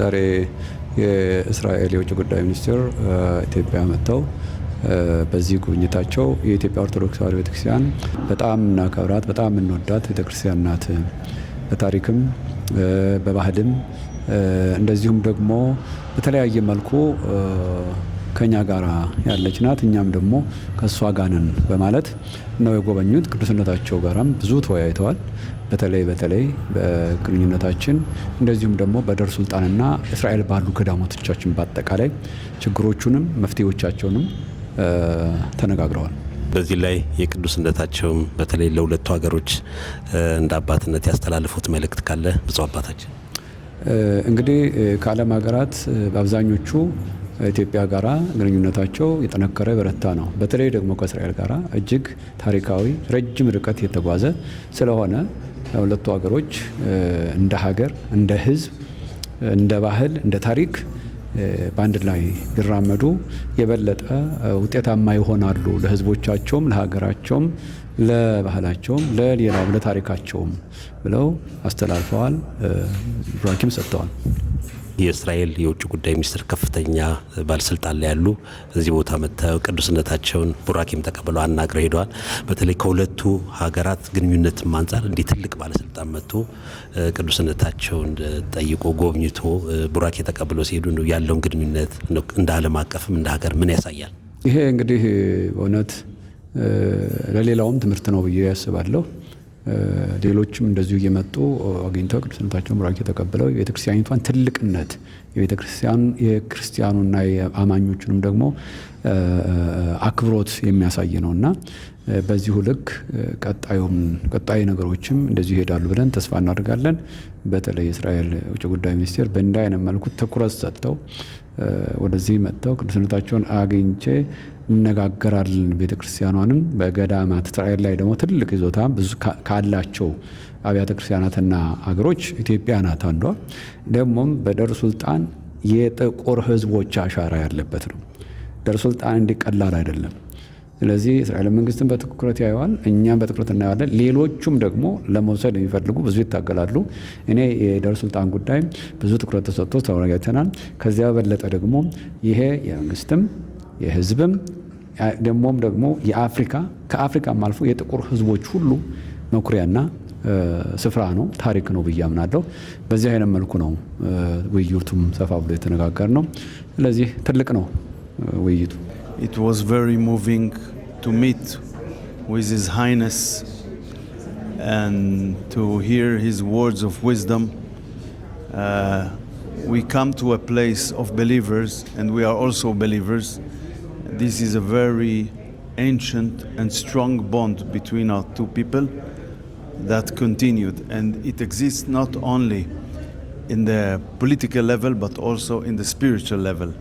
ዛሬ የእስራኤል የውጭ ጉዳይ ሚኒስትር ኢትዮጵያ መጥተው በዚህ ጉብኝታቸው የኢትዮጵያ ኦርቶዶክስ ተዋሕዶ ቤተክርስቲያን በጣም እናከብራት፣ በጣም እንወዳት ቤተክርስቲያን ናት። በታሪክም በባህልም እንደዚሁም ደግሞ በተለያየ መልኩ ከኛ ጋር ያለች ናት፣ እኛም ደግሞ ከእሷ ጋር ነን በማለት ነው የጎበኙት። ቅዱስነታቸው ጋራም ብዙ ተወያይተዋል። በተለይ በተለይ በግንኙነታችን እንደዚሁም ደግሞ በደር ሱልጣንና እስራኤል ባሉ ገዳሞቶቻችን በአጠቃላይ ችግሮቹንም መፍትሄዎቻቸውንም ተነጋግረዋል። በዚህ ላይ የቅዱስነታቸውም በተለይ ለሁለቱ ሀገሮች እንደ አባትነት ያስተላልፉት መልእክት ካለ ብፁዕ አባታችን እንግዲህ ከዓለም ሀገራት በአብዛኞቹ ኢትዮጵያ ጋራ ግንኙነታቸው የጠነከረ በረታ ነው። በተለይ ደግሞ ከእስራኤል ጋራ እጅግ ታሪካዊ ረጅም ርቀት የተጓዘ ስለሆነ ሁለቱ ሀገሮች እንደ ሀገር፣ እንደ ህዝብ እንደ ባህል፣ እንደ ታሪክ በአንድ ላይ ቢራመዱ የበለጠ ውጤታማ ይሆናሉ። ለህዝቦቻቸውም፣ ለሀገራቸውም፣ ለባህላቸውም፣ ለሌላ ለታሪካቸውም ብለው አስተላልፈዋል፣ ብራኪም ሰጥተዋል። የእስራኤል የውጭ ጉዳይ ሚኒስትር ከፍተኛ ባለስልጣን ላይ ያሉ እዚህ ቦታ መጥተው ቅዱስነታቸውን ቡራኬም ተቀብለው አናግረው ሄደዋል። በተለይ ከሁለቱ ሀገራት ግንኙነት አንጻር እንዲህ ትልቅ ባለስልጣን መጥቶ ቅዱስነታቸውን ጠይቆ ጎብኝቶ ቡራኬ ተቀብለው ሲሄዱ ያለውን ግንኙነት እንደ ዓለም አቀፍም እንደ ሀገር ምን ያሳያል? ይሄ እንግዲህ በእውነት ለሌላውም ትምህርት ነው ብዬ ያስባለሁ። ሌሎችም እንደዚሁ እየመጡ አግኝተው ቅዱስነታቸውን ቡራኬ ተቀብለው የቤተክርስቲያኒቷን ትልቅነት የቤተክርስቲያን የክርስቲያኑና የአማኞቹንም ደግሞ አክብሮት የሚያሳይ ነው እና በዚሁ ልክ ቀጣይ ነገሮችም እንደዚሁ ይሄዳሉ ብለን ተስፋ እናደርጋለን። በተለይ የእስራኤል ውጭ ጉዳይ ሚኒስቴር በእንዲህ አይነት መልኩ ትኩረት ሰጥተው ወደዚህ መጥተው ቅዱስነታቸውን አግኝቼ እነጋገራለን። ቤተ ክርስቲያኗንም በገዳማት እስራኤል ላይ ደግሞ ትልቅ ይዞታ ብዙ ካላቸው አብያተ ክርስቲያናትና አገሮች ኢትዮጵያ ናት አንዷ። ደግሞም በደር ሱልጣን የጥቁር ሕዝቦች አሻራ ያለበት ነው። ደር ሱልጣን እንዲቀላል አይደለም። ስለዚህ እስራኤል መንግስትን በትኩረት ያየዋል፣ እኛም በትኩረት እናየዋለን። ሌሎቹም ደግሞ ለመውሰድ የሚፈልጉ ብዙ ይታገላሉ። እኔ የደር ሱልጣን ጉዳይ ብዙ ትኩረት ተሰጥቶ ተወያይተናል። ከዚያ በለጠ ደግሞ ይሄ የመንግስትም የህዝብም ደግሞም ደግሞ የአፍሪካ ከአፍሪካም አልፎ የጥቁር ህዝቦች ሁሉ መኩሪያና ስፍራ ነው፣ ታሪክ ነው ብዬ አምናለሁ። በዚህ አይነት መልኩ ነው ውይይቱም ሰፋ ብሎ የተነጋገር ነው። ስለዚህ ትልቅ ነው ውይይቱ። It was very moving to meet with His Highness and to hear his words of wisdom. Uh, we come to a place of believers and we are also believers. this is a very ancient and strong bond between our two people that continued. And it exists not only in the political level, but also in the spiritual level.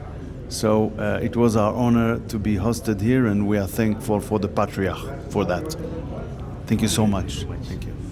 So uh, it was our honor to be hosted here, and we are thankful for the Patriarch for that. Thank you so much. Thank you.